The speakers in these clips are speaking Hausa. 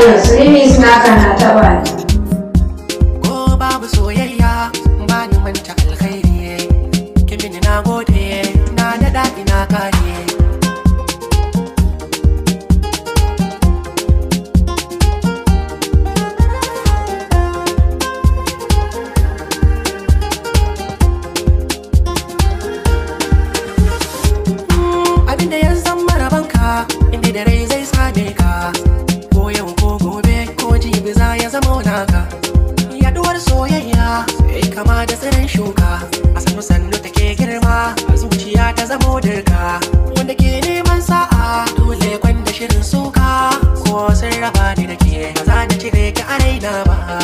daɗin su ne suna kan na taɓa Ko babu soyayya. Navarra.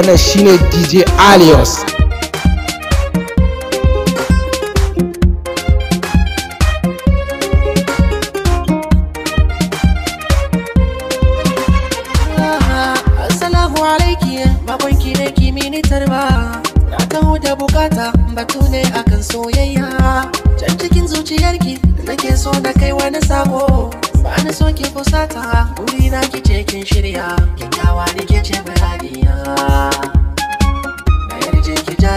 wannan shine dj alios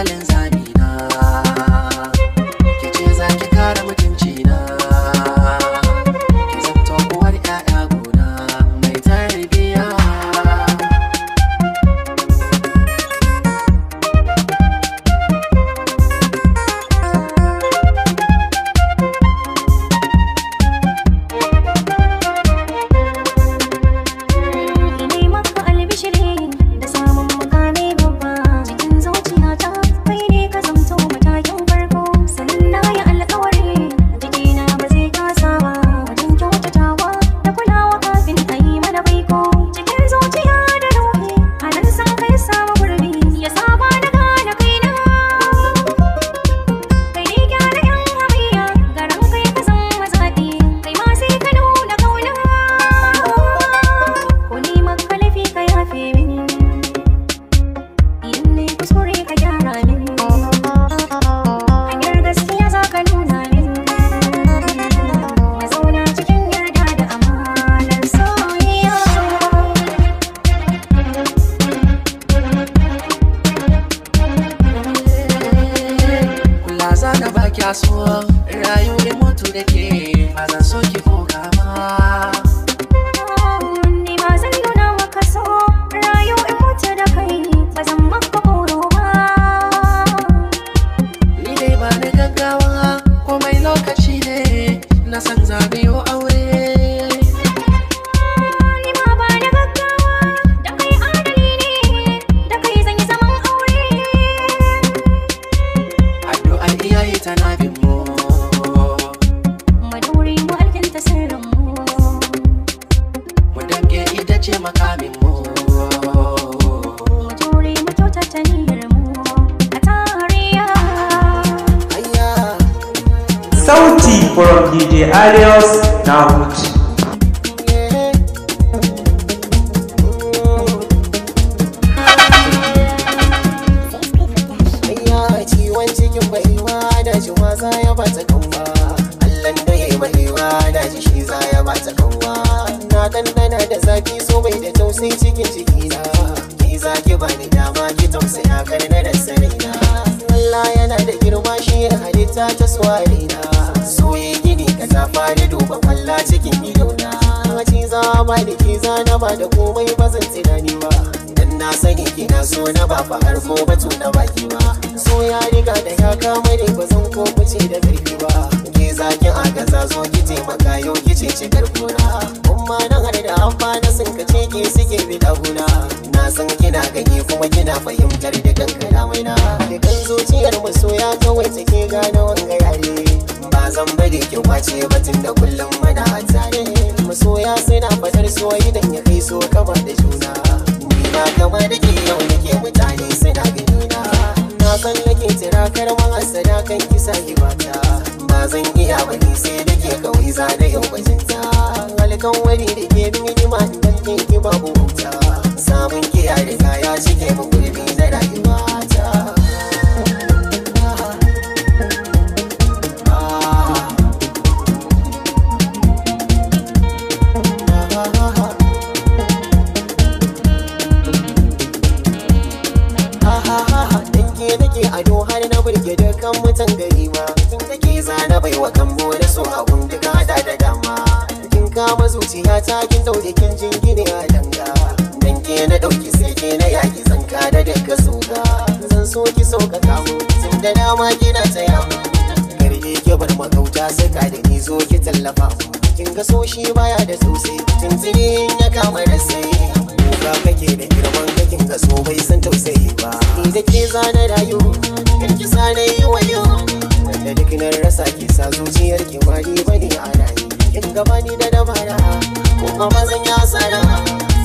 silence kya so rayuwar mutu da ke ba zan so za ya ba ta kanwa da ya yi mahewa na ji shi za ya ba ta na dandana da zafi so bai da tausayi cikin jikina ki za ki ba ni dama ki tausaya kar na da sarina Allah yana da girma shi ya halitta ta suwarina so yi gini ka ta fari duba kwalla cikin idona ci za ma da ki za na ba da komai ba zan tunani ba na sani kina so na ba fa harfo to na baki ba so ya riga da ya kama ni ba zan ko kuce da zargi ba ke zakin a gaza zo ki taimaka yau ki ce ci karkuna umma na har da amfana na sun ka ce ki suke bi guna na san kina gani kuma kina fahimtar da kankana mai na ke kan zuciyar masoya kawai take gano wanga yare ba zan bari ki kwace ba tunda kullum mana a masoya suna fatar suwa dan ya kai so kama da juna gaba da ke yau da ke mutane suna gani na kan nake tira karman asada kan kisa gibata ba zan iya ba ni sai da ke kawai za da yau bajinta alkan wani da ke bi ni ma ke ki babu wuta samun kiyaye da kaya shige ke mu gurbi kin zaune kin jingine a danga dan ke na dauki sai ke na yaki zanka da daga suga zan so ki sauka mu. tun da dama kina tsaya mu karge ki bar magauta saka da ni zo ki tallafa kin ga so shi baya da sosai tuntuni ya kama da sai kuka kake da girman kakin ga so bai san tausayi ba ni da ke zana rayu kan ki sana yi wayo da duk nan rasa ke sa zuciyar ki ba bane a rayu in gaba ni da dabara kuma mazan ya tsara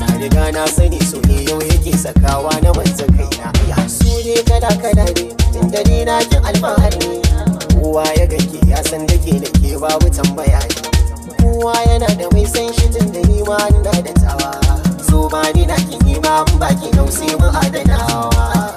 na riga na sani so ne yau yake sakawa na manzan kaina ya su ne kada kada ne tun da ni na kin alfahari kowa ya ganke ya san da ke da ke babu tambaya kowa yana da mai san shi tun da ni ma ina da tawa so ba ni na kin yi ma mun baki dausi mu adanawa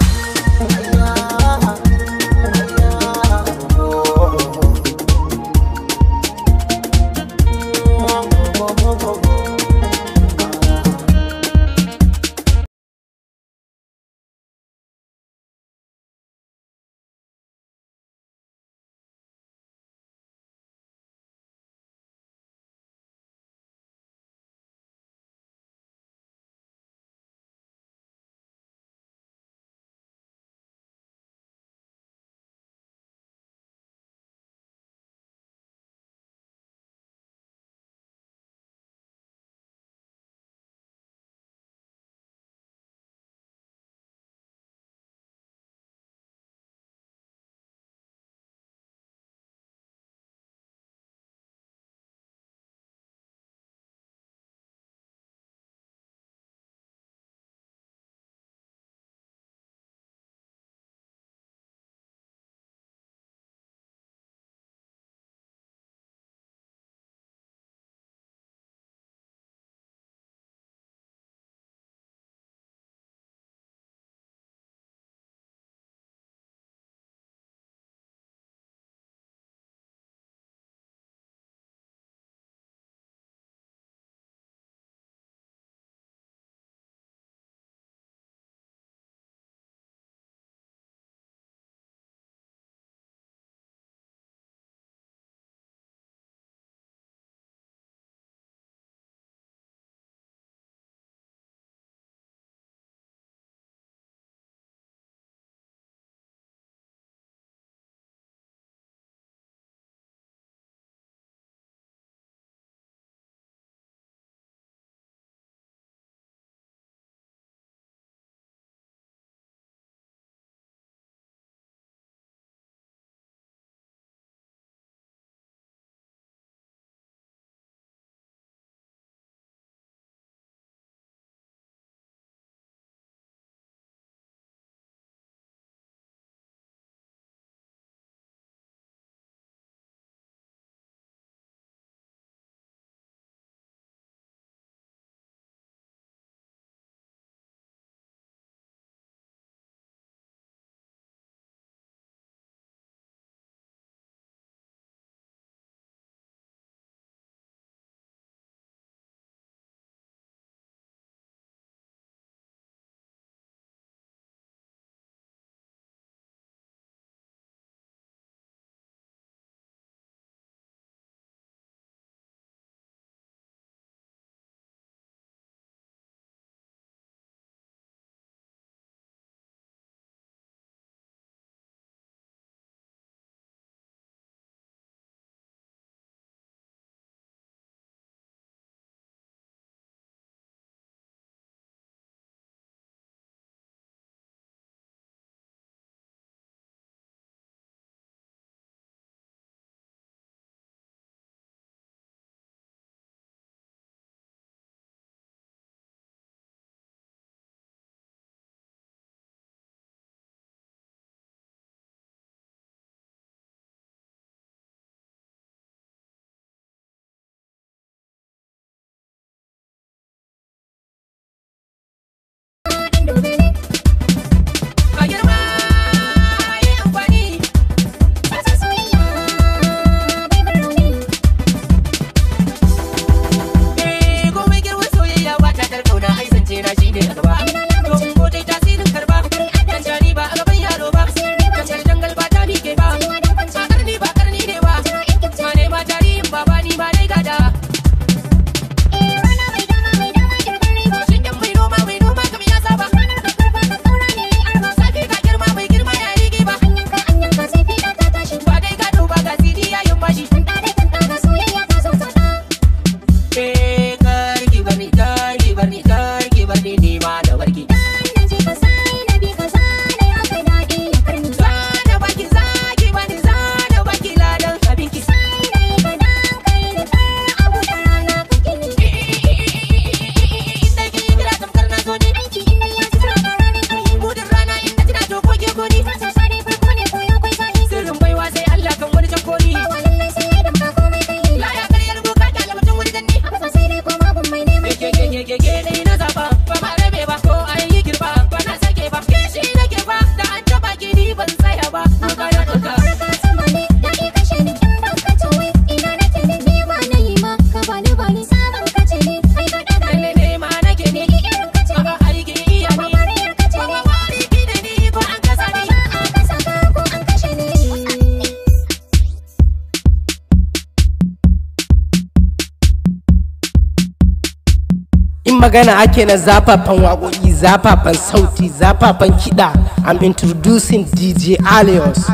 magana ake na zafafan waƙoƙi zafafan sauti zafafan kiɗa i'm introducing dj alios